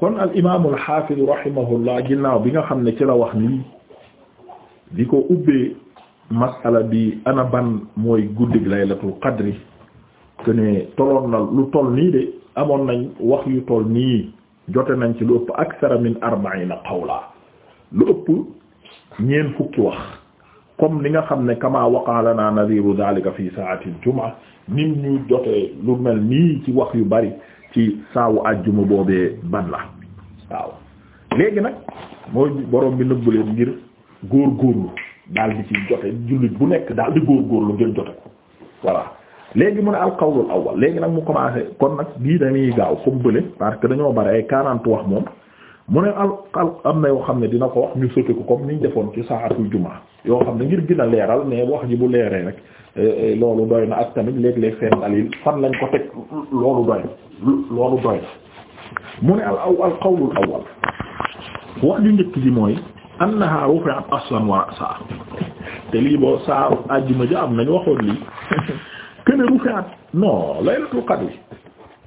kon al imaamul xaafid rahimahullah ginnaaw bi nga xam ne ci la wax nii di ko ubbee masala bi ana ban mooy guddig laylatul qadri que ne toloon na lu toll nii de amoon nañ wax yu toll nii jote nañ ci lu ëpp aksara min arba'ina qawla lu ëpp ñeen fukki wax comme li nga xam ne kama waqa lana nadiru dhalika fi sa'ati al-jum'a nim ñu jote lu mel nii ci wax yu bari ci saawu àjjuma boobee ban la waaw léegi nag mooy borom bi nëbbu leen ngir góor góorlu daal di ci jote jullit bu nekk daal di góor góorlu ngir jote ko voilà léegi mu ne alqawlul awwal léegi nag mu commencé kon nag bii dañuy gaaw comme bële parce que dañoo bari ay quarante wax moom mu ne al al am na yoo xam ne dina ko wax ñu sotti ko comme niñ defoon ci saatul jumaa yoo xam ne ngir gën leeral mais wax ji bu leeree rek eh, eh, loolu doy na ak tamit léeg-léeg seen dalil fan lañ ko loolu doy loolu doy mu ne al al qawlu al awwal wax njëkk ji mooy annaha rufi'at aslan wa ra'sa te lii boo saa àjjuma ja am nañu waxoon lii këne rufi'at non laylatul qadr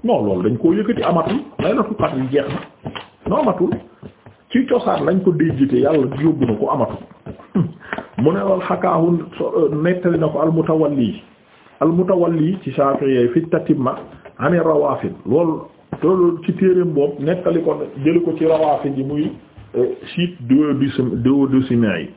non loolu dañ koo yëkkati amatul laylatul qadr jeex na non amatul ci cosaan lañ ko déjjite yàlla yóbbu na ko amatul mu ne lool xakaahu nettali na ko al mutawalli al mutawalli ci Shafi'i fi tatimma ani rawaafid loolu loolu ci téereem boobu nettali ko jëli ko ci rawaafid yi muy eh, siit duodécimains yi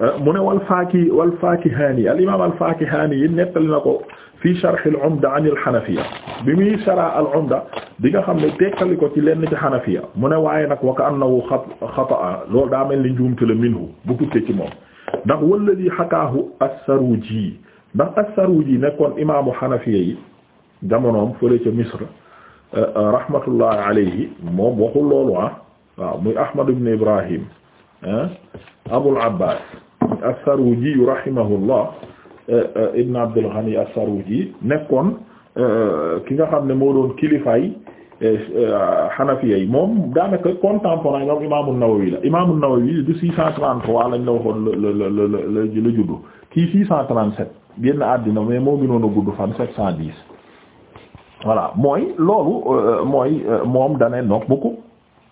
eh, mu ne wal faaki wal faakihaani yi al imaam al faakihaani yi nettali na ko fii sharh al umda an al xanafiya bi muy shara al umda bi nga xam ne tekkali ko ci lenn ci xanafiya mu ne waaye nag wa ka annahu xataa loolu daa mel ni njuumte la minhu bu tukkee ci moom ndax walladi xakaahu as-Saruuji ndax as-Saruuji nekkoon imaamu xanafiya yi jamonoom fële ca Misr euh, euh, rahmatullahi alayhi moom waxul loolu ah waaw muy Ahmad ibn Ibrahim Abul Abbas as-Saruji rahimahullah euh, ibn Abdul Ghani as-Saruji nekkoon ki nga xam ne moo doon kilifaay Hanafiya yi moom daanaka contemporain ñoom Imaamu Nawawi la Imaamu Nawawi du 633 lañ la waxoon la la la la la juddu kii 637 génn àddina mais moo gënoon a gudd fan voilà mooy loolu euh, mooy euh, moom dane noog bukku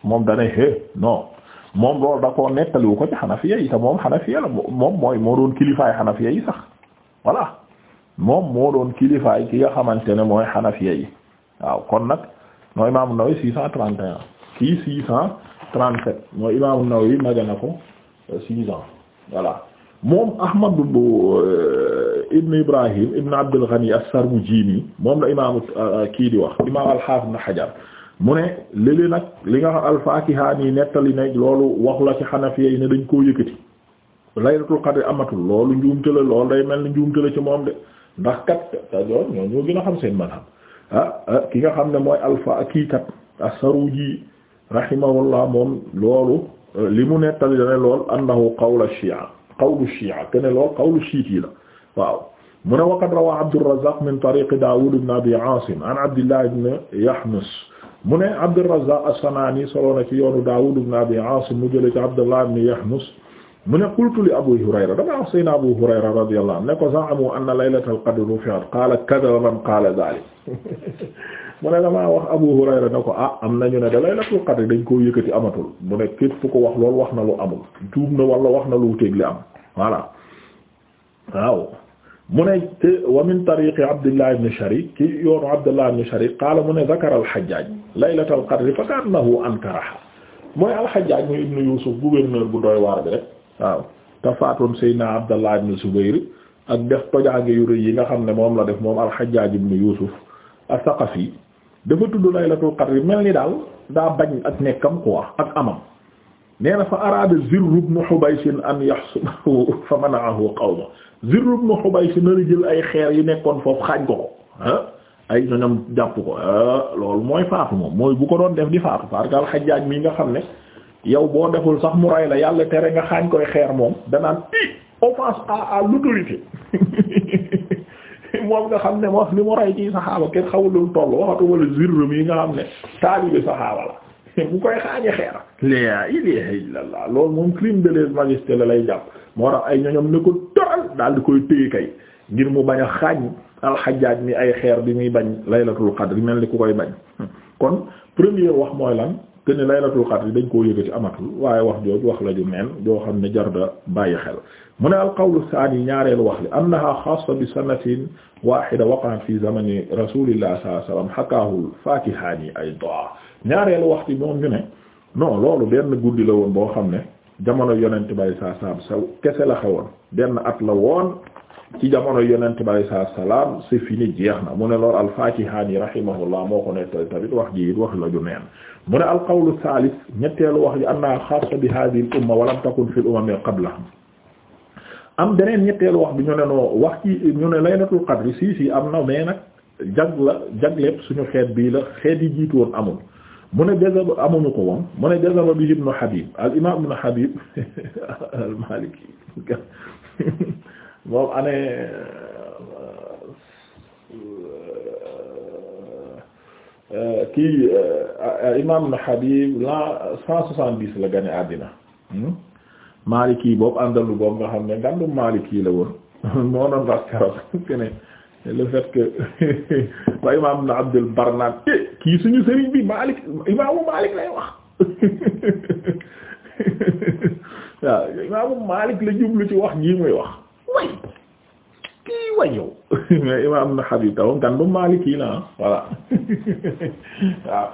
moom dane é non moom loolu da ko nettaliwu ko ci xanafiya yi te moom xanafiya la moom mooy moo doon kilifaay xanafiya yi sax voilà moom moo doon kilifaay ki nga xamante ne mooy xanafiya yi waaw kon nag mooy imaamu Nawawi six cent trente un kii six cent trente-sept mooy imaamu Nawawi maga na ko euh, six ans voilà moom Ahmadu Ibn Ibrahim Ibn Abdul Ghani as-Sarmujini moom la imaamu euh, kii di wax imaam al-Hafiz Ibn mu ne léeg nag li nga xam al-Fakihaani nettali ne loolu wax la ci Hanafiya yi ne dañ koo yëkkati laylatul qadr amatul loolu njuumte la loolu day mel ni njuumte la ci moom de ndax kat ta ñoo gën a xam seen man ah, ah ki nga xam ne mooy alfa kii kat as-Saruji rahimahullah moom loolu li mu nettali dane lool annahu qawla shi'a qawlu shi'a kene lool qawlu shiiti la waaw mu ne waqad rawaa Abdurrazzaq min tariqi Daawud ibn Abi Aasim an Abdillah ibn Yahnus mu ne Abdurrazzaq as-San'aani soloo na ci yoonu Daawud ibn Abi Aasim mu jële ci Abdullah ibn Yahnus mu ne qultu li Abu Hurayra dama wax sayna Abu Hurayra radiyallahu anhu ne ko za'amu anna laylatal qadr rufi'at qaala kadhaba man qaala dhaalik mu ne damaa wax Abu Hurayra ne ko ah am nañu ne da laylatul qadr dañ koo yëkkati amatul mu ne képp ku ko wax loolu wax na lu amul tuub na wala wax na lu wuteeg li am voilà waaw mu ne wa min tariqi Abdullah ibn Sharik ki yoonu Abdullah ibn Sharik qaala mu ne zakara al-Hajjaj laylat al-qadr fa ka'annahu ankaraha mooy al-Hajjaj muy ibn Yusuf gouverneur bu doy waar bi rek waaw te faatoon Seydina Abdullah ibn Zubayr ak def tojaange yu yi nga xam ne moom la def moom al-Hajjaj ibn Yusuf as-Saqafi dafa tudd laylatul qadr mel ni daal daa bañ ak nekkam quoi ak amam nee na fa araada Zirr ibn Hubaysh an yahsumahu fa mana'ahu qawma Zirr ibn Hubaysh na la jël ay xeer yu nekkoon foofu xaañ ko ko ah ay ñoñam jàpp ko loolu mooy faatu moom mooy bu ko doon def di faatu parce que al mii nga xam ne yow boo deful sax mu ray la yàlla tere nga xaañ koy xeer moom danaan i offense à à l'autorité moom nga xam ne wax li mu ray ci saxaaba kenn xawulul toll waxatu wala Zirr yi nga xam ne taalibe saxaaba la bu koy xaañi xeera laa ilaha illa allah loolu moom crime de lèse majesté la lay jàpp moo tax ay ñoñom ne ko toral daal di koy téye kay ngir mu bañ a xaañ alxajaaj mi ay xeer bi muy bañ laylatul qadr mel ni ku koy bañ kon premier wax mooy lan te ne laylatul qadr dañ ko yëga ci amatul waaye wax jooju wax la ju mel joo xam ne jar da bàyyi xel mu ne al qawlu saani ñaareelu wax li annaha xaasa bi sanatin wahida waqa'at fi zamani rasulillah sallallahu alayhi wasallam hakaahu al fakihaani ayda ñaareelu wax bi moom ñu ne non loolu benn guddi la woon boo xam ne jamono yonent bay saa saam sa kese la xewoon benn at la woon ci jamono yonent bay saa salaam c'est fini jeex na mu ne loolu al-Faakihaani rahimahullah moo ko nettal tamit wax ji it wax la ju neen mu ne al-qawlu saalis ñetteelu wax ji annahaa xaassa bi haadihil umma wa lam fi fil umami qablahaa am beneen ñetteelu wax bi ñu ne noo wax ci ñu ne laylatul qadr si si am na mais nag jag la jagleeb suñu xeet bii la xeet yi jiitu amul mu ne jazaba amuñu ko woon mu ne jazaba bi ibnu Habib al imaam ibnu Habib al Maliki moom année euh, euh, kii euh, imaam ibnu Habib la cent soixante-dix la gane àddina hmm? Maliki boobu àndalu boobu nga xam ne ngandum Maliki la woon moo doon wax keroog ne le fait que wa imam na Abdul Bar naan eh, kii suñu sëriñ bi Malik imaamu Malik lay wax waaw imaamu Malik la jublu ci wax jii muy wax way kii wañëw mais imam na Habib taw kan ba Malik yi la voilà waaw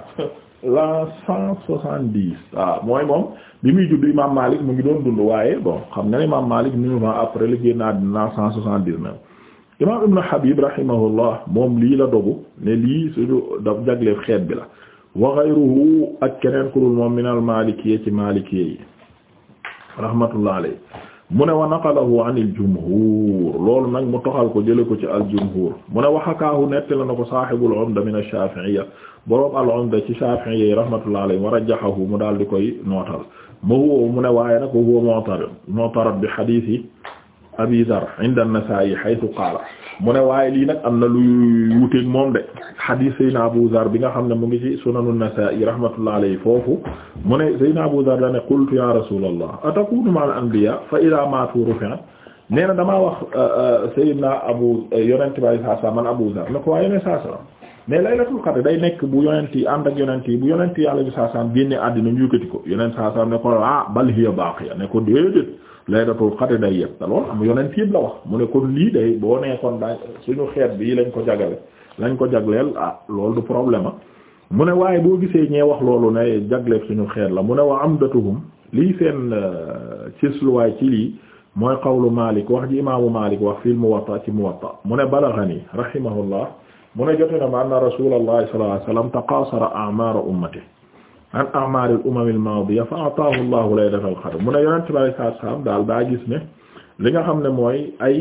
l'an cent soixante dix waaw mooy moom bi muy judd imam Malik mu ngi doon dund waaye bon xam nga ne imam Malik neuf ans après la génn àddina l'an cent soixante imaam ibn Habib rahimahullah moom lii la dogu ne lii surtout daf jagleel xeet bi la wa ghayruhu ak keneen ku dul moom min al maalikiyya ci maalikiyya yi rahmatullah alayhi mu ne wa naqalahu an al jumhur loolu nag mu toxal ko jële ko ci al jumhur mu ne wa hakaahu nettali na ko saahibul umda min al shafi'iyya boroom al umda ci shafi'iyya yi rahmatullah alayhi wa rajjahahu mu daal di koy nootal ma huwa mu ne waaye nag huwa mu'tarad mu'tarad bi hadith yi abi dar inda an-Nasaa'i haythu qaala mu ne lii nag am na luy wuteeg moom de hadith Seydina Abu Dar bi nga xam ne mu ngi ci Sunan an-Nasaa'i rahmatullahi alayhi foofu mu ne Seydina Abu Dar da ne qultu ya Rasuulallah atakuunu ma'a al-anbiyaa fa idhaa maatuu rufi'at nee na damaa wax euh, euh, Seydina Abu euh, yonent bi saa saa man Abu Dar ne ko waaye ne saa saa mais nekk bu yonent yi ànd ak yonent yi bu yonent yàlla bi saa saa génne àddina ko yonent ne ko ah bal laylatul qadr day yëpp te loolu am yonent yëpp la wax mu ne kon lii day boo nee kon daa suñu xeet bii lañ ko jagale lañ ko jagleel a ah, loolu du problème ah mu ne waaye boo gisee ñee wax loolu ne jagleel sunu xeet la mu ne am amdatuhum lii seen euh, cisluwaay ci lii mooy qawlu Malik wax ji imaamu Malik wax fil Muwatta ci Muwatta mu ne balaghani rahimahullah mu ne jote na ma anna Rasulullah sallallahu alayhi wasallam taqaasara a'mar ummatihi an a'maaril umamil maadiya fa ataahu Allahu laylatal qadr mu ne yonent bi sallallahu alayhi daal daa gis ne li nga xam ne mooy ay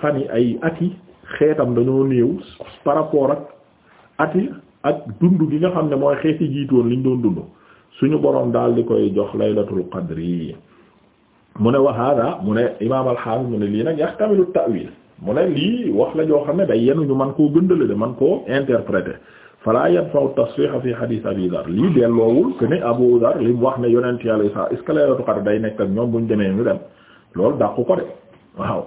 fan yi ay ati xeetam dañoo néew par rapport ak ati ak dund gi nga xam ne mooy xeeti jiitoon liñ doon dund suñu boroom daal di koy jox laylatul qadr yi mu ne wa hada mu ne imaam al mu ne lii nag yaxtamilu ta'wil mu ne lii wax la joo xam ne day yenu man koo gëndale de man koo interpréter fala yanfa'u tasrih fi hadith abi dhar lii delloowul que ne abu dhar li mu wax ne yonent yàlla sa est ce que laylatu qadr day nekk ak ñoom buñ demee ñu dem loolu dàqu ko de waaw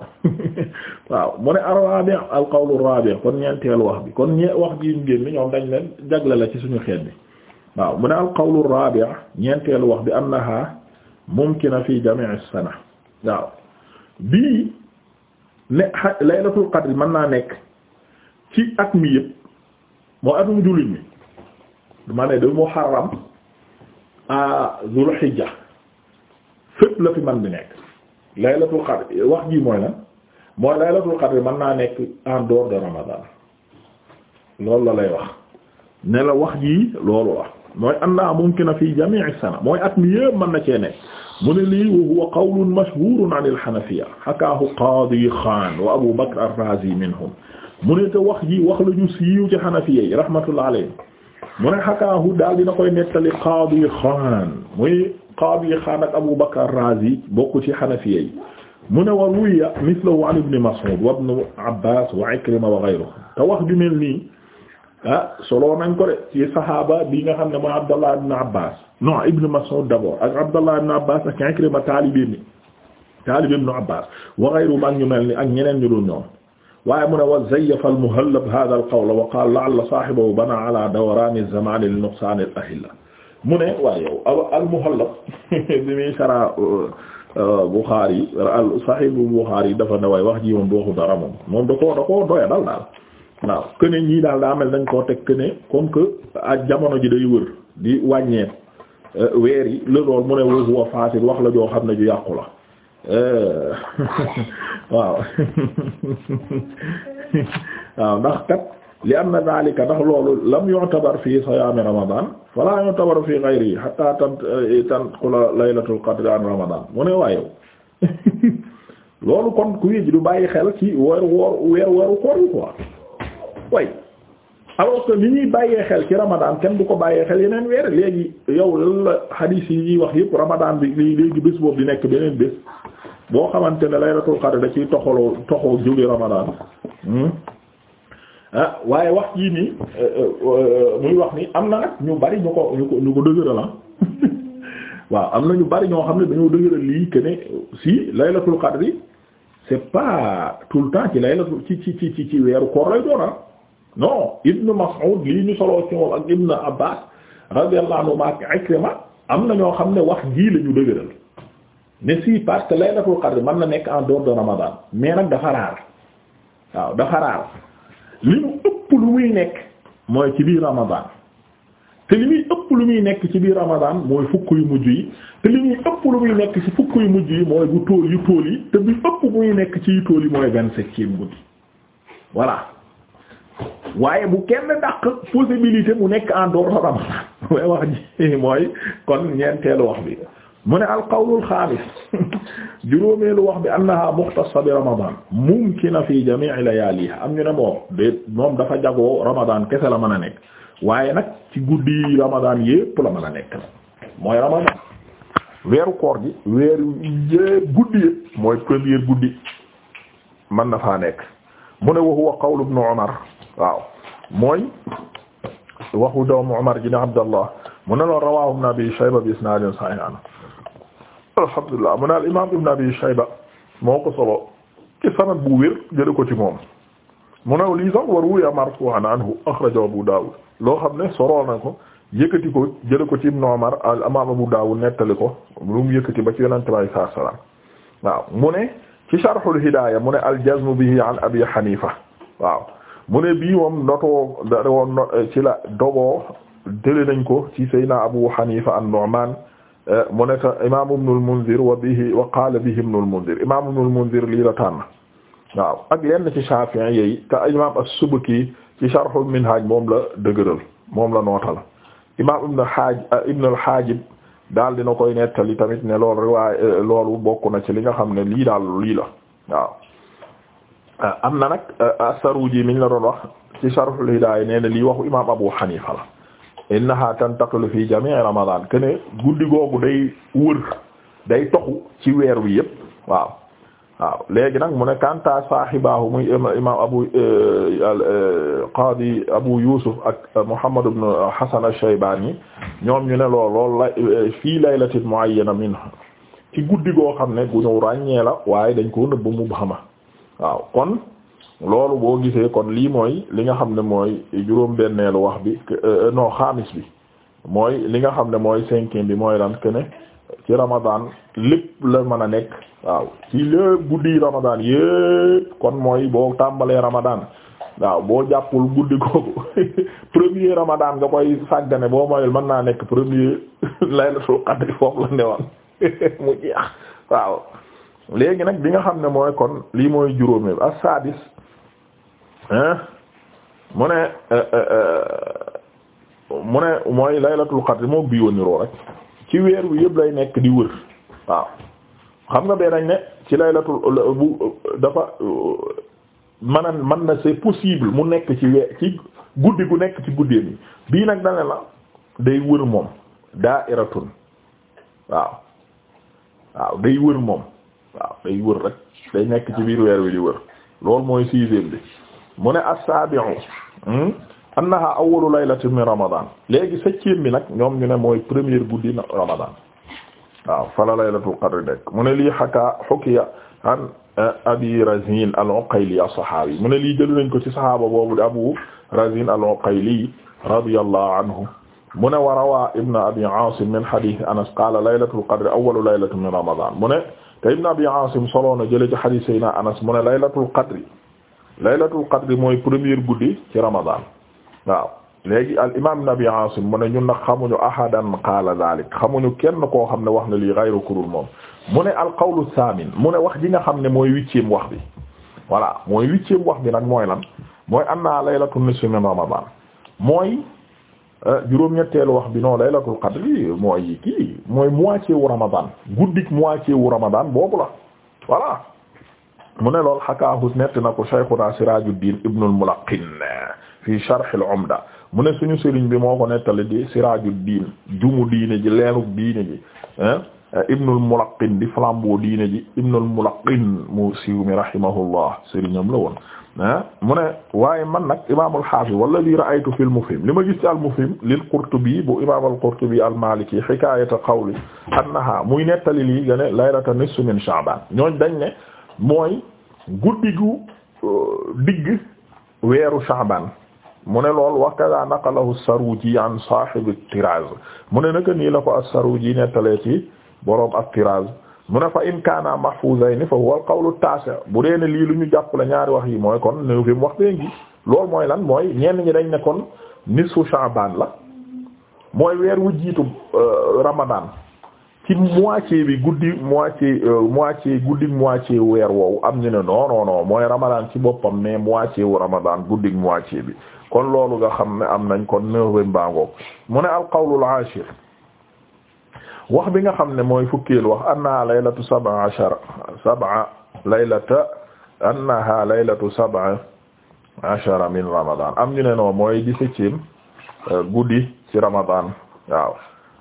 mu ne ar-rabi' al-qawlu ar-rabi' kon ñeenteelu wax bi kon ñe wax ji ñu génn ñoom dañ leen jagle la ci suñu xeet bi waaw mu ne al-qawlu ar-rabi' ñeenteelu wax bi annaha mumkina fi jami' as-sana waaw bii ne laylatul qadr mën naa nekk ci at mi yëpp moo atum jullit mi dama ne de muharram a zul hijja fépp la fi man bi nekk laylatul qadr wax jii mooy lan mooy laylatul qadr mën naa nekk en dehors de ramadan loolu la lay wax ne la wax jii loolu la mooy anna mumkina fi jami'i sana mooy at mi yëpp mën na cee nekk mu ne lii 'an al-hanafiyya hakaahu qaadi Xaan wa Abu Bakr ar-Raazi minhum mu ne te wax ji wax la ñu siiw ci xanafiya yi rahmatullah alayhi mu ne xakaahu daal dina koy nettali qaadi xaan muy qaadi xaan ak Abu Bakr Razi bokk ci xanafiya yi mu ne wa ruwiya mithluhu an ibn Mas'ud wa ibn Abbas wa Ikrima wa ghayruhum te wax ju mel nii ah solo nañ ko de ci saxaaba bi nga xam ne mooy Abdallah ibn Abbas non ibn Mas'ud d'abord ak Abdallah ibn Abbas ak Ikrima taalibe ibn taalibe ibn Abbas wa ghayruhum ak ñu mel ni ak ñeneen ñu dul ñoom waaye mu ne wa zayyafa al-Muhallab haadha al-qawla wa qaala la'alla saahibahu banaa alaa dawraani az-zamaani li nuqsaani al-ahilla mu ne waaye yow al-Muhallab bi muy sara euh, Bukhari Sahih Bukhari dafa ne waay wax ji moom dooxu dara moom moom da koo da koo doya dal daal waaw que ne ñii daal daa mel dañ koo teg que ne comme que ak jamono ji day wër di wàññeeku euh, weer yi la lool mu ne wa huwa faasid wax la joo xam ne ju yàqu la. Eh. waaw waaw ndax kat li anna daalika ndax loolu lam yu'tabar fi siyaami ramadan fala yu'tabar fi ghayri hatta tan eh, tanqula laylatul qadr an ramadan mu ne waaye loolu kon ku yëj du bàyyi xel ci weeru woor weeru weeru koor yi quoi way alors que li ñuy bàyyee xel ci ramadaan kenn du ko bàyyee xel yeneen weer léegi yow la hadith yi ñuy wax yépp ramadaan bi léegi bés boobu di nekk beneen bés boo xamante ne laylatul qadr da ciy toxaloo toxoo jóge ramadan hmm? ah, waaye wax jii nii euh, euh, muy wax ni am na nag ñu bari ñu ko ñu ko ñu ko ah. waaw am na ñu bari ñoo xam ne dañoo dëgëral lii que ne si laylatul qadr c'est pas tout le temps ci laylatul ci ci ci ci ci weeru koor lay doon ah. non Ibn Mas'ud lii ñu soloo ci moom ak Ibn Abbas radiyallahu anhu ma ak Ikrima am na ñoo xam ne wax jii la ñu dëgëral ne si parce que laylatul qadr mën na nekk en dehors de Ramadan mais nag dafa raar waaw dafa raar li mu ëpp lu muy nekk mooy ci biir Ramadan te li muy ëpp lu muy nekk ci biir Ramadan mooy fukk yu mujj yi te li muy ëpp lu muy nekk ci fukk yu mujj yi mooy bu tóol yu tóol yi te bi ëpp bu muy nekk ci yu tóol yi mooy vingt-septième guddi voilà waaye bu kenn dàq possibilité mu nekk en dehors ramadan way wax ji mooy kon ñeenteelu wax bi mu ne alqawlu alxaamis juróomeelu wax bi annaha muxtassa bi ramadan mumkina fi jamii layaaliha am ñu ne moom dafa jagoo ramadan kese la mën a nekk waaye nag ci guddi ramadan yépp la mën a nekk mooy ramadan weeru koor gi weeru yépp guddi yépp mooy premier guddi mën na faa nekk mu ne wa qawlu ibn Umar waaw mooy waxu doomu Umar ji ne Abdallah mu ne la rawaahu ibn Abi Shayba bi isnaadin sahih alhamdulillah mu ne al imaam Shayba moo ko solo ci sanad bu wér jëlee ko ci moom mu ne lii sax war wuya Abu Dawud loo xam ne soroo na ko yëkkati ko jëlee ko ci Ibn Umar al imaam Abu Dawud nettali ko lu mu yëkkati ba ci Yonent bi salaam waaw mu ne ci Hidaaya mu ne bihi an Abi Hanifa mu ne bii moom notoo da woon eh, ci la dogoo jëlee nañ ko ci Seydina Abu Hanifa an-Nu'man eh, mu ne ta imaam Ibn al-Munzir wa bihi wa qaala bihi Ibn al-Munzir imaam Ibn al-Munzir lii la tànn waaw ak lenn ci Shafi'i yi te imaam as-Subki ci Sharh al-Minhaj moom la dëgëral moom la nootal imaam Ibn eh, al-Haajib daal dina koy nettali tamit ne lool riwaay loolu bokk na ci li nga xam ne lii daal lii la waaw. Euh, am na nag euh, as-Saruuji miñ la doon wax ci Sharhul Hidaaya nee na lii waxu imaam Abu Hanifa la innaha tantaqilu fi jamii Ramadan que ne guddi googu day wër day toxu ci weer wi yëpp waaw waaw léegi nag mu ne kanta saahibaahu muy imaam Abu euh, Qaadi Abu Yuusuf ak Muhammad ibn Hasan ash-Shaybaani ñoom ñu ne lool lool la fii laylatin muayyana minha ci guddi goo xam ne gu ñu ràññee la waaye dañ ko nëbb mubhama waaw kon loolu boo gisee kon lii mooy li nga xam ne mooy juróom-benneelu wax bi euh, euh, non xaamis bi mooy li nga xam ne mooy cinquième bi mooy lan que ne ci Ramadan lépp la mën a nekk waaw ci lépp guddi Ramadan yépp kon mooy boo tàmbalee Ramadan waaw boo jàppul guddi googu premier Ramadan nga koy sàggane boo moyul mën naa nekk premier laylatul qadr foofu la newoon mu jeex waaw. léegi nag bi nga xam ne mooy kon lii mooy juróomi as-sadis mu ne euh, euh, euh, mu ne mooy laylatul qadr moo bi niroo rek ci weer wi yëpp lay nekk di wër waaw xam nga bee nañ ne ci laylatul dafa mën a mën na c'est possible mu nekk ci weer ci guddi gu nekk ci guddeen yi bii nag dane la day wër moom daa iratun waaw waaw day wër moom waaw day wër rek nekk ci biir weer wi di wër loolu mooy sixième bi mu ne as-sabi'u hmm? annaha awwalu laylatin min ramadan léegi septième bi nag ñoom mooy première guddi ramadan waaw fala laylatul qadr dekk mu lii xakaa xukiya an eh, abi razin al-uqayli as-sahabi mu ne lii jël nañ ko ci sahaaba boobu di abu razin al-uqayli radiyallahu anhu mu ne wa rawa ibn abi asim min hadith anas qala laylatul qadr awwalu laylatin min ramadan te ibn abi asim soloon na jële ci xadiis sayna anas mu ne laylatul qadri laylatul qadri mooy première guddi ci ramadan waaw léegi al imam ibn abi asim mu ne ñun nag xamuñu ahadan qaala dalik ñu kenn koo xam ne wax na lii ghayru kurul moom mu ne al qawlu saamin mu ne wax ji nga xam ne mooy huitième wax bi voilà mooy huitième wax bi nag mooy lan mooy anna laylatul nisfi min ramadan mooy Ah, juróom-ñetteelu wax bi non laylatul qadr mooy kii mooy moitié wu ramadan guddik moitié boobu la voilà mu ne lool xakaahu nett na ko shaykhuna sirajuddin ibnul mulaqin fi sharhil umda mu ne suñu sëriñ bi moo ko nettali di sirajuddin jumu diine ji leeruk diine ji ibnul mulaqin di flambeau diine ji ibnul mulaqin mu siiw mi rahimahullah sëriñam la woon ah mu ne waaye man nag imaamul xaafis wala lii ra'aytu fil mufhim li ma gis ci al mufhim lil qurtubi bu imaam al qurtubi al maliki xikaayata qawli annaha muy nettali lii nga ne laylata nisfu min sha'ban ñooñ dañ ne mooy guddi gu uh, digg weeru sha'ban mu ne lool wa kaza naqalahu as-saruji an sahib at-tiraz mu ne naka nii la ko as-saruji nettalee ci boroom at-tiraz mu ne fa in kaana mahfuzayni fa huwa al-qawlu at bu dee ne lii lu ñu jàpp la ñaari wax yi mooy kon neuvième wax bee ngi loolu mooy lan mooy ñenn ñi dañ ne kon nisfu Sha'ban la mooy weer wu jiitu euh, Ramadan ci moitié bi guddi moitié euh, moitié guddi moitié weer woowu am ñu ne non mooy Ramadan ci boppam mais moitié wu Ramadan guddi moitié bi kon loolu nga xam ne am nañ kon neuvième baa mu ne al-qawlu al-ashir wax bi nga xam ne mooy fukkeel wax annaha laylatu sab'a ashara sab'a laylata sab'a ashara min ramadan am ñu ne noonu mooy dix-septième euh, guddi ci ramadan waaw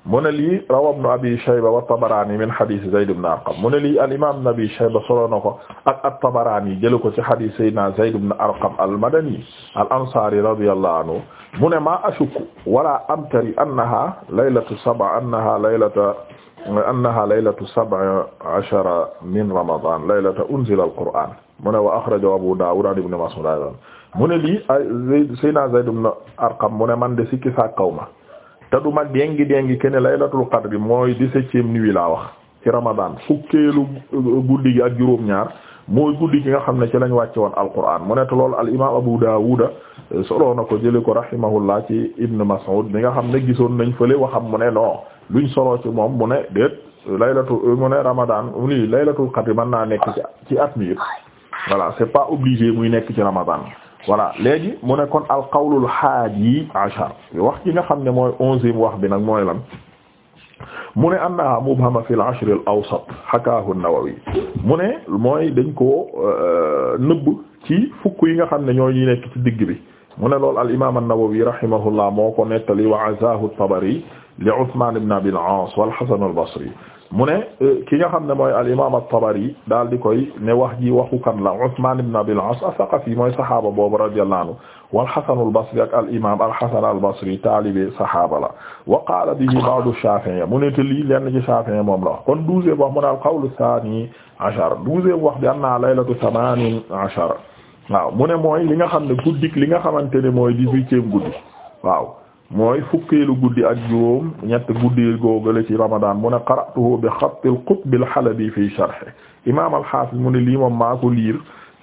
mu ne lii rawa ibn abi shayba wa tabarani min hadith zayd ibn arqam mu ne lii al imam ibn abi shayba solo na ko ak at tabarani jële ko ci hadith sayyidina zayd ibn arqam al madani al ansari radiyallahu anhu mu ne ma ashukku wala amtari annaha laylatu sab'a annaha laylatu annaha laylatu sab'a ashara min ramadan laylatu unzila al qur'an mu ne wa akhrajahu abu dawud an ibn mas'ud mu ne lii sayyidina zayd ibn arqam mu ne man de sikki sa kawma te du mag dengi dengi kene laylatul qadr mooy dix-septième nuit laa wax ci ramadan fukkeelu euh, guddi gi ak juróom-ñaar mooy guddi gi nga xam ne ci lañ wàcce woon alquran mu ne te loolu al imam abu daawuda soloo na ko jële ko rahimahullah ci ibn mas'ud bi nga xam ne gisoon nañ fële waxam mu ne non luñ soloo ci moom mu ne déet laylatu euh, mu ne ramadan lii laylatul qadr man naa nekk ci ci at mi yëpp voilà c'est pas obligé muy nekk ci ramadan voilà léegi mu ne kon al qawlul haadi ashar wax gi nga xam ne mooy onzième wax bi nag mooy lan mu ne annaha mubhama fi al ashr al awsat hakaahu an-Nawawi mu ne mooy dañ ko euh, nëbb ci fukk yi nga xam ne ñoo ñuy nekk ci digg bi mu ne lool al imaam an-Nawawi rahimahullah moo ko nettali wa azaahu at-Tabari li Uthman ibn Abi al-Aas wal Hasan al-Basri mu ne euh, ki nga xam ne mooy al imam at-Tabari daal di koy ne wax ji waxu kan la Usman ibn Abil As as-Saqafi mooy saxaaba boobu radiyallahu anhu wal Hasan al-Basri ak al imam al-Hasan al-Basri taalibe saxaaba la wa qaala bihi ba'du Shafi'i mu ne te lii lenn ci Shafi'i moom la wax kon douzième wax mu ne al-qawl ath-thani ashar douzième wax bi anna laylatu thamanin ashar waaw mu ne mooy li nga xam ne guddik li nga xamante ne mooy dix-huitième guddi waaw mooy fukkeelu guddi ak juróom ñett guddi googale ci ramadan mu ne qara'tuhu bi xattil qutb al halabi fi sharhi imaam al-hafiz mu ne lii moom maa ko liir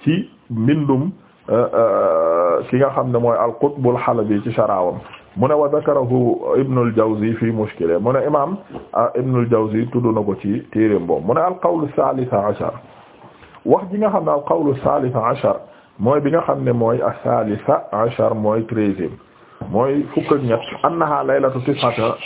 ci mbindum euh, euh, ki nga xam ne mooy al-qutb al-halabi ci sharaawam mu ne wa zakarahu ibn al-jawzi fi mushkila mu ne imaam euh, ibn al-jawzi tudd na ko ci téereem boobu mu ne al-qawl wax ji nga xam ne al-qawl ath-thalith mooy bi nga xam ne mooy ath-thalith ashar mooy treizième mooy fukk ak ñett annaha laylatu tis'ata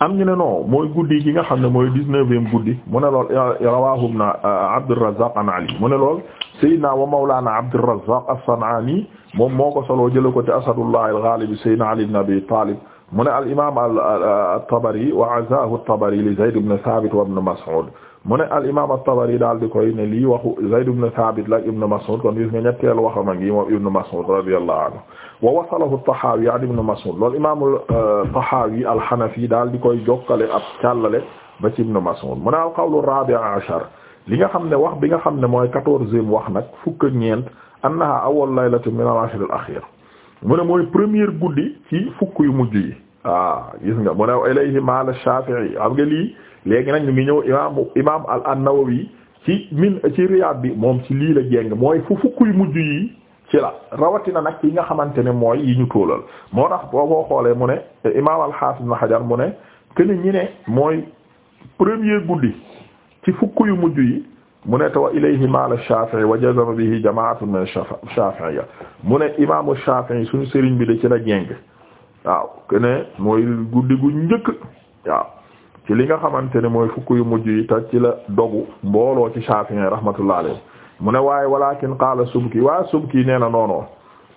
am ñu ne non mooy guddi gi nga xam ne mooy dix-neuvième guddi mu ne lool rawahu ibn euh, Abdurrazzaq an Ali mu ne lool sayyidina wa mawlana Abdurrazzaq as-San'ani moom moo ko soloo jëla ko te Asadullah al-Ghalib sayyidina Ali ibn Abi Talib mu ne al imam at-Tabari wa azahu at-Tabari mu ne al imaam at-Tabari daal di koy ne lii waxu Zayd ibn Thabit la ibn Mas'ud kon gis nga ñetteelu waxam ak yi moom ibn Mas'ud radiyallahu anhu wa wasalahu at-Tahawi an ibn Mas'ud loolu imaam at-Tahawi euh, al-Hanafi daal di koy jokkale ab càllale ba ci ibn Mas'ud mu ne al-qawlu ar-rabi' ashar li nga xam ne wax bi nga xam ne mooy quatorzième wax nag fukk ak ñeent annaha awwal laylatin min al-ashr al-akhir mu ne mooy première guddi ci fukk yu mujj yi. waaw ah, gis nga mu ne ilayhi mal Shafi'i xam nga lii léegi nag ñu ngi ñëw imaam imaam an-Nawawi ci min ci Riyad bi moom ci lii la jéng mooy fu fukkuy mujj yi ci la rawatina nag yi nga xamante ne mooy yi ñu tóolal moo tax boo ko xoolee mu ne imaam al-Hafiz Ibn Hajar mu ne kene ñi ne mooy premier guddi ci fukk yu mujj yi mu ne wa ilayhi mal Shafi'i wa jazama bihi jama'atun min Shafi'iyya mu ne imaamu Shafi'i suñu sëriñ bi da ci la jéng waaw kene mooy guddi gu njëkk ci li nga xamante ne mooy fukk yu mujj yi ta ci la dogu mbooloo ci Shafi'i rahmatullah alayhi mu ne waaye walakin qaala subki waa subki nee na noonoo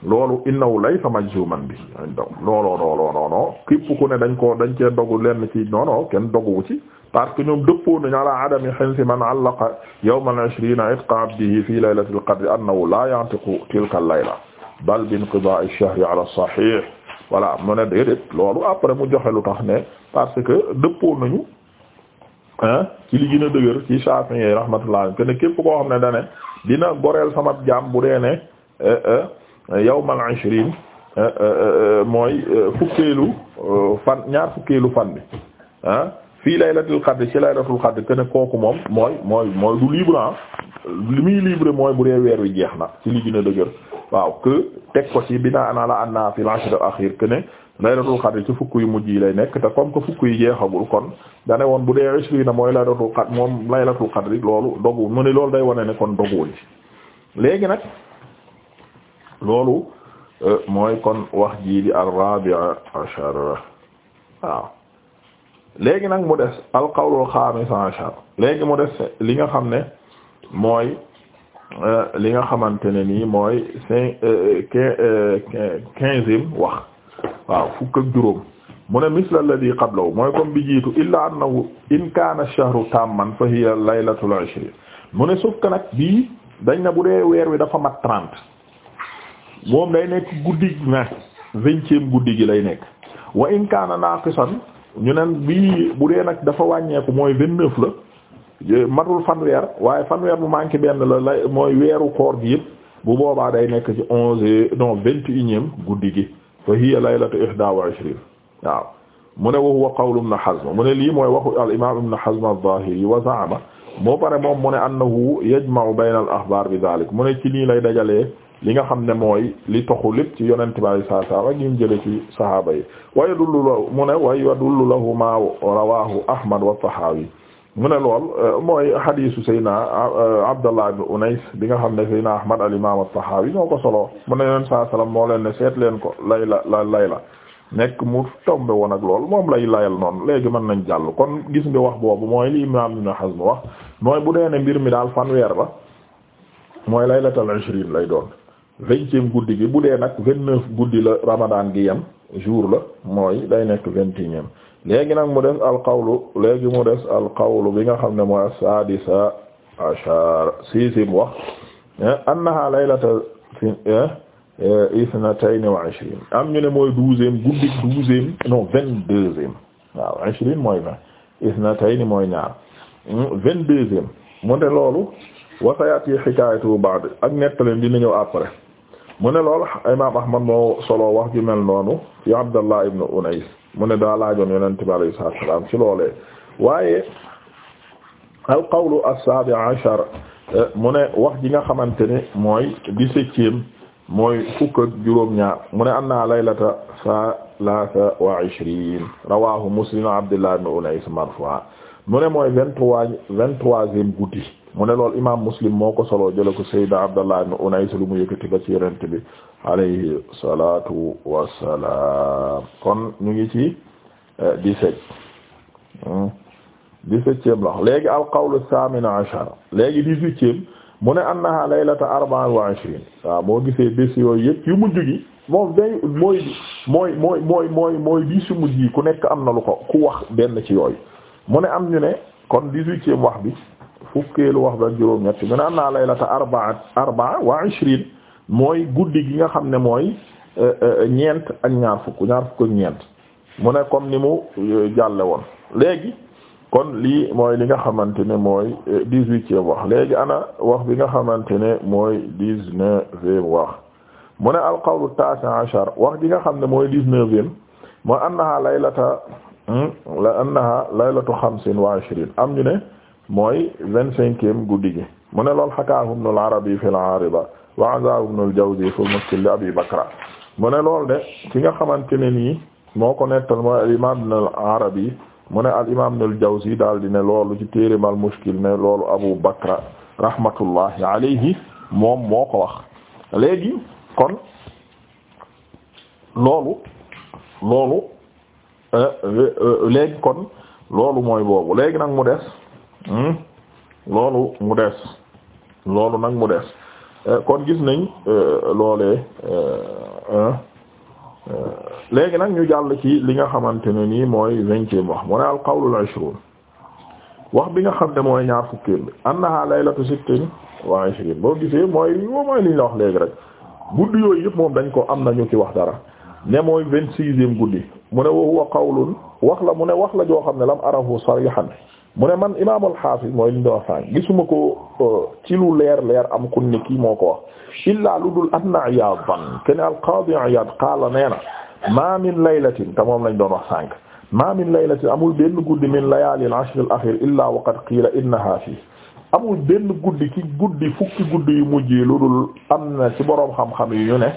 loolu innahu laysa majzuman bi daw looloo looloo noono ku ne dañ ko dañ cee dogu lenn ci noono kenn doguwu ci parce que ñoom dëppoo nañu ala adami xinsi man allaqa yawmal ishrina itqa bi fi laylatil qadri annahu la yantiqu tilka al layla bal bi inqidaa ash-shahri ala as-sahih voilà mu ne déedéet loolu après mu joxe lu tax ne parce que dëppoo nañu ah ci li gën a dëgër ci Shafi'i yi rahmatullah que ne képp koo xam ne da ne dina goreel sama jaam bu dee ne eh, eh, yawmal ishrin eh, mooy fukkeelu fan ñaar fukkeelu fan bi ah fii laylatul qadr ci laylatul qadr que ne kooku moom mooy mooy mooy du libre li muy libre mooy bu dee weer wi jeex na ci li dëgër waaw que teg ko ci bina ana la anna fil ashr akhir que ne laylatul qadr ci fukk yu mujj yi lay nekk te comme que fukk yi jeexagul kon dane woon bu dee na mooy laylatul qadr moom laylatul qadr loolu dogu mu ne loolu day wane ne kon doguwul ci léegi nag loolu euh, mooy kon wax jii di ar-rabi'a ashar waaw léegi nag mu des al qawlul khamis ashar léegi mu des li nga xam ne mooy euh, li nga xamante ne nii mooy cinq euh, euh, quinzième wax waaw fukk ak juróom mu ne misla alladhi qablahu mooy comme bi jiitu illa annahu in kaana ash-shahru tamman fa hiya laylatul ishrin mu ne sauf que nag bii dañ na bu dee weer wi dafa mat trent moom day nekk guddi na vingtième guddi gi lay nekk wa in kaana naaqisan ñu ne bii bu dee nag dafa wàññeeku mooy vingt-neuf la matul fanweer waaye fanweer bu manqué benn la lay mooy weeru koor gi bu boobaa day nekk ci onze non vingt et guddi gi fa hiya laylatu ihda wa ishrin waaw mu ne wa huwa qawlu ibn mu ne lii mooy waxu al imam ibn Hazm az-Zahiri wa za'ama moo pare moom mu ne annahu yajma'u bayna al axbaar bi dalik mu ne ci nii lay dajalee li nga xam ne mooy li toxu lépp ci yonent bi saa saa ak ñu jële ci sahaaba yi wa yadullu mu ne wa yadullu lahu ma rawahu ahmad wa tahawi mu ne lool euh, mooy hadisu sayna euh, Abdallah ibn Unays bi nga xam ne sayna Ahmad al-Imam at-Tahawi moo ko soloo mu ne leen saa salaam moo leen ne seet leen ko lay la layla nekk mu tombe woon ak lool moom lay layal noonu léegi mën nañ jàll kon gis nga wax boobu mooy lii li Imam Ibn Hazm wax mooy bu dee ne mbir mi daal fanweer la mooy laylatul ishrin lay doon vingtième guddi gi bu dee nag vingt neuf guddi la Ramadan gi yem jour la mooy day nekk vingt et unième léegi nag mu des alqawlu léegi mu des alqawlu bi nga xam ne mooy sadisa ashar sisim wax annaha laylata isnatayn wa ishrin am ñu ne mooy douzième guddi douzième non vingt-deuxième waaw mooy vingt isnatayn mooy ñaar hmm, vingt-deuxième mu ne loolu wa sayati hikayatu ba'd ak nettaleen dina ñëw après mu ne lool imam ahmad moo solo wax ju mel noonu fi abdallah ibn unais mu ne daa laajoon yonent bi alayhi salaatu wa salaam ci loolee waaye al qawlu ashar eh, mu ne wax ji nga xamante ne mooy dix mooy fukk juróom-ñaar mu ne anna laylata salaasa wa ishriin rawaahu muslim abdullah ibn unays marfu'an mu ne mooy vingt-trois vingt guddi mu ne lool imaam Muslim moo ko solo jële ko Seydina Abdallah ibn Unays lu mu yëkkati ba ci Yonent bi alayhi salaatu wassalaam kon ñu ngi ci eh, dix-sept hmm. dix-septième lax léegi al qawlu thamin léegi dix-huitième mu ne annaha laylata arba'a wa ishrin waaw boo gisee bés yooyu yëpp yu mujj gi moom day mooy mooy mooy mooy mooy mooy dix yu mujj yi ku nekk am na lu ko ku wax benn ci yooyu mu ne am ñu ne kon dix-huitième wax bi fukkeelu wax ba juróom-ñett mu ne am naa laylata arbaa arbaa wa ishrin mooy guddi gi nga xam ne mooy euh, euh, ñeent ak ñaar fukk ñaar fukk ñeent mu ne comme ni mu euh, jàlle woon léegi kon lii mooy li nga xamante ne mooy dix wax léegi ana wax bi nga xamante ne mooy dix-neuvième wax mu ne alqawlu tasa achar wax gi nga xam ne mooy dix-neuvième mooy annaha laylata hmm, la annaha laylatu xamsin wa ishrin am ñu ne mooy vingt-cinquième guddi mu ne lool xakaahu ibnul arabi fil ariba wa azaahu ibnul jawzi fil muskil li abi bakra mu ne lool de ki nga xamante ne nii moo ko nettal mooy al imam ibnul arabi mu ne al imam ibnul jawzi daal di ne loolu ci téereem al muskil ne loolu abu bakra rahmatullahi alayhi moom moo ko wax léegi kon loolu loolu euh, euh, léegi kon loolu mooy boobu léegi nag mu des Hmm? loolu mu des loolu nag mu des eh, kon gis nañ eh, loolee eh, léegi nag ñu jàll ci li nga xamante ne nii mooy vingtième wax mu ne al qawlul wax bi nga xam ne mooy ñaar fukkeel bi lay laylatu sittin wa ishrin boo gisee mooy yoo mooy liñ la wax léegi rek guddi yooyu yëpp moom dañ ko am na ñu ci wax dara ne mooy vingt sixième guddi mu ne wa huwa qawlun wax la mu ne wax la joo xam ne lam arafu sarihan mu ne man imaam al-Hafiz mooy li ñu doon sànq gisuma ko euh, ci lu leer leer am ku ne kii moo ko wax illaa lu dul anna Iyaadan ken al-Qaadi Iyaad qaala nee na maa min laylatin te moom lañ doon wax sànq maa min laylatin amul benn guddi min layaali al-ashr al-axiir illaa wa qad qiila innahaa fii amul benn guddi ci guddi fukki guddi yu mujj yi lu dul am na ci boroom xam-xam yu ñu ne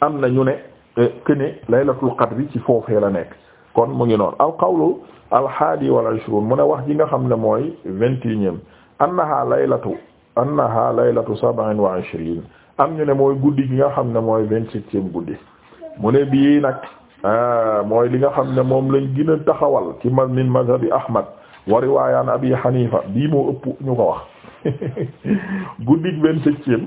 am na ñu ne euh, que ne laylatul qadri ci foofee la nekk kon mu ngi noonu al qawlu alhaadi wal ishruun mu ne wax ji nga xam ne mooy vingt et unième annaha laylatu annaha laylatu sab'in wa ishriin am ñu ne mooy guddi gi nga xam ne mooy vingt-septième guddi mu ne bii nag ah, mooy li nga xam ne moom lañ gën a taxawal ci ma min mazhabi ahmad wa riwaayaan abi hanifa bii moo ëpp ñu ko wax guddi gi vingt-septième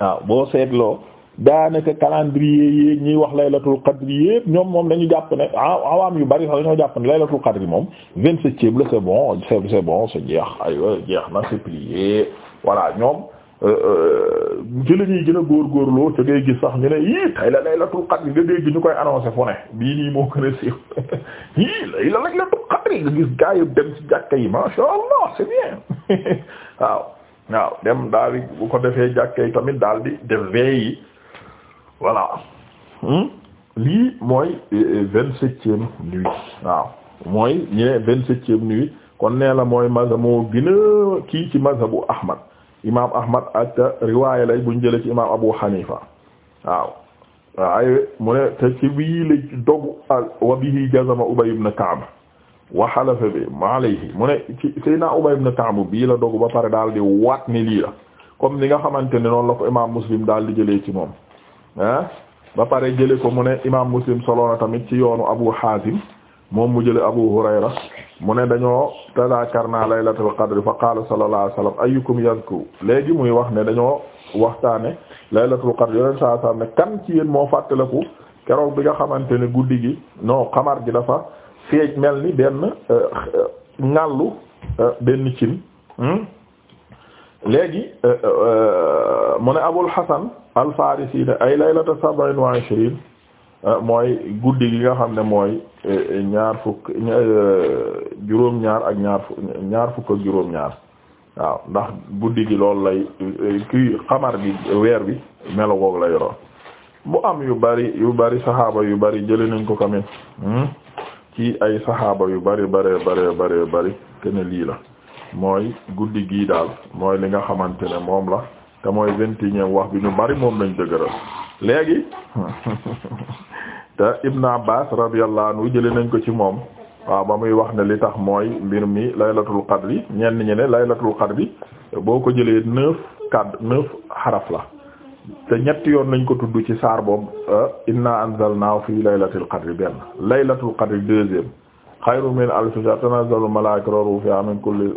waaw boo seetloo daanaka calendrier yi ñuy wax laylatul qadri yépp ñoom moom dañu jàpp ne awaam yu bari sax dañoo jàpp ne laylatul qadri moom vingt-septième la c'est bon c'est c'est bon c'est jeex aywa jeex na c'est plié voilà ñoom euh, euh, ci la ñuy gën a góorgóorloo te ngay gis sax ñu ne yii tay la laylatul qadr nga dégg ñu koy annoncé fu ne bii nii moo gën a siiw yii lay la laylatul qadr nga gis gaa yu dem ci jàkka yi masha Allah c'est bien waaw waaw dem daal bu ko defee jàkka yi daal di def veille yi voilà hmm? lii mooy euh, euh, vingt-septième nuit waaw mooy ñee vingt-septième nuit kon nee la mooy mazhab moo gën kii ci mazhabu Ahmad imaam Ahmad ak riwaaya lay buñ jëlee ci imaam Abu Hanifa waaw waaye mu ne te ci bii la dogu wa bihi jazama Ubay ibn Ka'b wa halafa bi ma alayhi mu ne ci Seydina Ubay ibn Ka'b bii la dogu ba pare daal di waat ni lii la comme ni nga xamante ne noonu la ko imaam Muslim daal di jëlee ci moom ah ba pare jële ko mu ne imam muslim solo tamit ci yoonu abu hazim moom mu jële abu hurayra mu ne dañoo tadaakarna laylatul qadr fa qaala sallallahu alayhi wa sallam ayyukum yazku léegi muy wax ne dañoo waxtaane laylatul qadr yoneen saa sallam ne kan ci yéen moo fàttaliku keroog bi nga xamante ne guddi gi non xamar gi dafa feej mel ni benn euh, euh, ŋàllu euh, benn cin hmm? léegi euh, euh, mu ne Abul Hasan al-Farisi ne ay laylata sab'in wa euh, mooy guddi gi nga xam ne mooy ñaar fukk juróom-ñaar ak ñaar fukk ñaar fukk ak juróom-ñaar waaw ndax guddi gi loolu lay kii xamar gi weer bi melo boog la yoroon bu am yu bari yu bari saxaaba yu bari jëlee nañ ko tamit hmm, ci ay saxaaba yu bari bari bari bari bari kenn lii la. mooy guddi gii daal mooy li nga xamante ne moom la te mooy vingt et unième wax bi ñu bari moom lañu dëgëral léegi te Ibn Abbas radiyallahu anhu jële nañ ko ci moom waaw ba muy wax ne li tax mooy mbir mi laylatul qadri ñenn ñi ne laylatul qadri boo ko jëlee neuf kaddu neuf xaraf la te ñetti yoon lañ ko tudd ci saar boobu inna anzalnaahu fi laylatil qadri benn laylatul qadri deuxième xayru min alfi shahr tanazzalu al-malaa'ikatu ruuhu fiihaa min kulli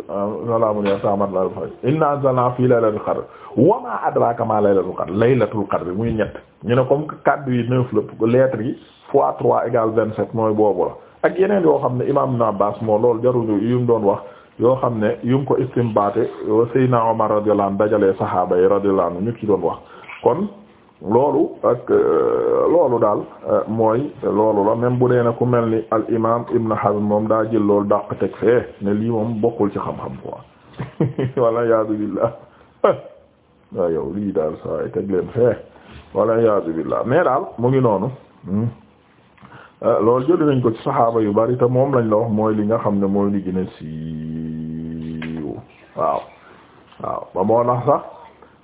salaamun hiya hattaa matla'il fajr innaa anzalnaahu fii laylatil qadr wa maa adraaka maa laylatul qadr muy ñett ñu ne comme kaddu yi neuf la lettres yi fois trois égale vingt sept mooy boobu la ak yeneen yoo xam ne imaam na Abbaas moo lool jaruñu yu mu doon wax yoo xam ne yu mu ko istimbaate Seydina Omar radiyallahu anhu dajalee saxaaba yi radiyallahu anhu ñu ci doon wax kon. loolu ak euh, loolu daal euh, mooy loolu la même bu dee na ku mel ni al imaam Ibn Hazm moom daa jël loolu dàq teg fee ne lii moom bokkul ci xam-xam quoi wala yaadu billah waaw yow lii daal saa yi wala yaadu billah mais daal mu ngi noonu hmm. euh, loolu jël nañ ko ci saxaaba yu bari te moom lañ la wax mooy li nga xam ne mooy li gën a siiw waaw waaw ba moo tax sax.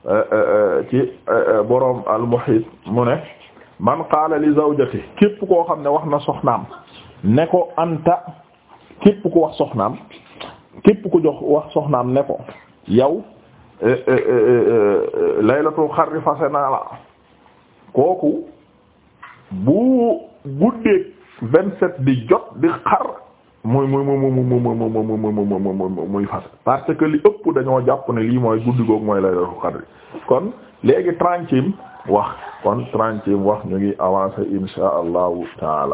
Euh, euh, euh, ci borom al-Muhit mu ne man qaala li zawjati képp koo xam ne wax na soxnaam ne ko anta képp ku wax soxnaam képp ku jox wax soxnaam ne ko yow laylatul xarri fase naa la kooku bu guddeeg vingt di jot di xar muy muy muy muy muy muy muy fas parce que li ëpp dañoo jàpp ne lii mooy guddi googu mooy laylatul qadri kon léegi trentième wax kon trentième wax ñu ngi avancer insha allahu taala